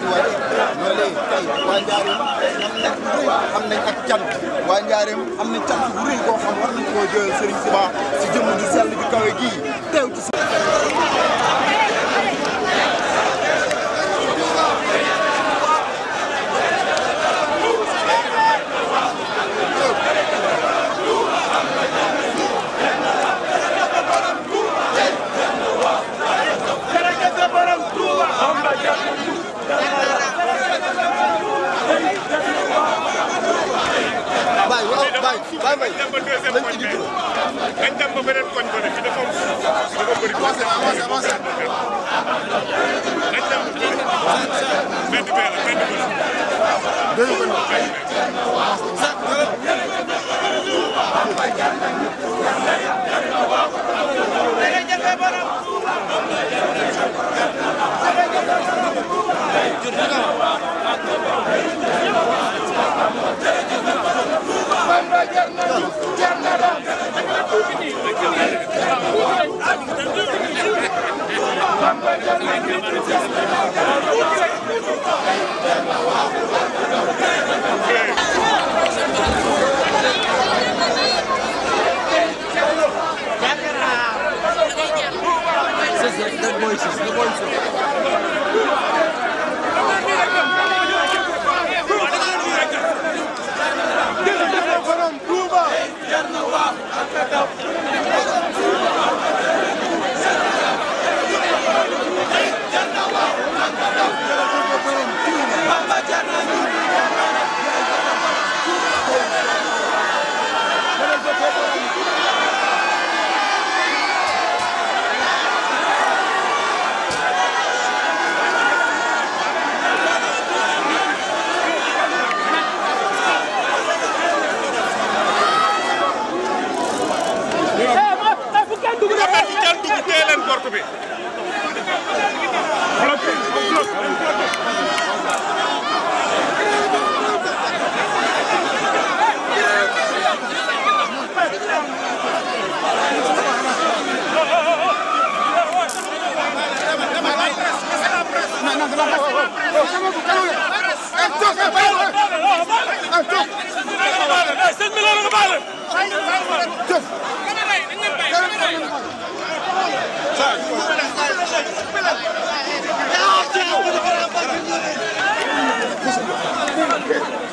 daal di wàcc waa Njaareem am nañ am nañ ak cant waa Njaareem am na cant bu rëy koo xam si jëmm ju sell ju bàyyi bàyyi dem ba deuxième koñ bi dañ dem ba beneen koñ bi fi dafa dafa bëri avancé avancé dañ dem benn bee la benn bee la Не бойтесь, не бойтесь. porte bi bloqué on bloque on bloque Tëf Thank you.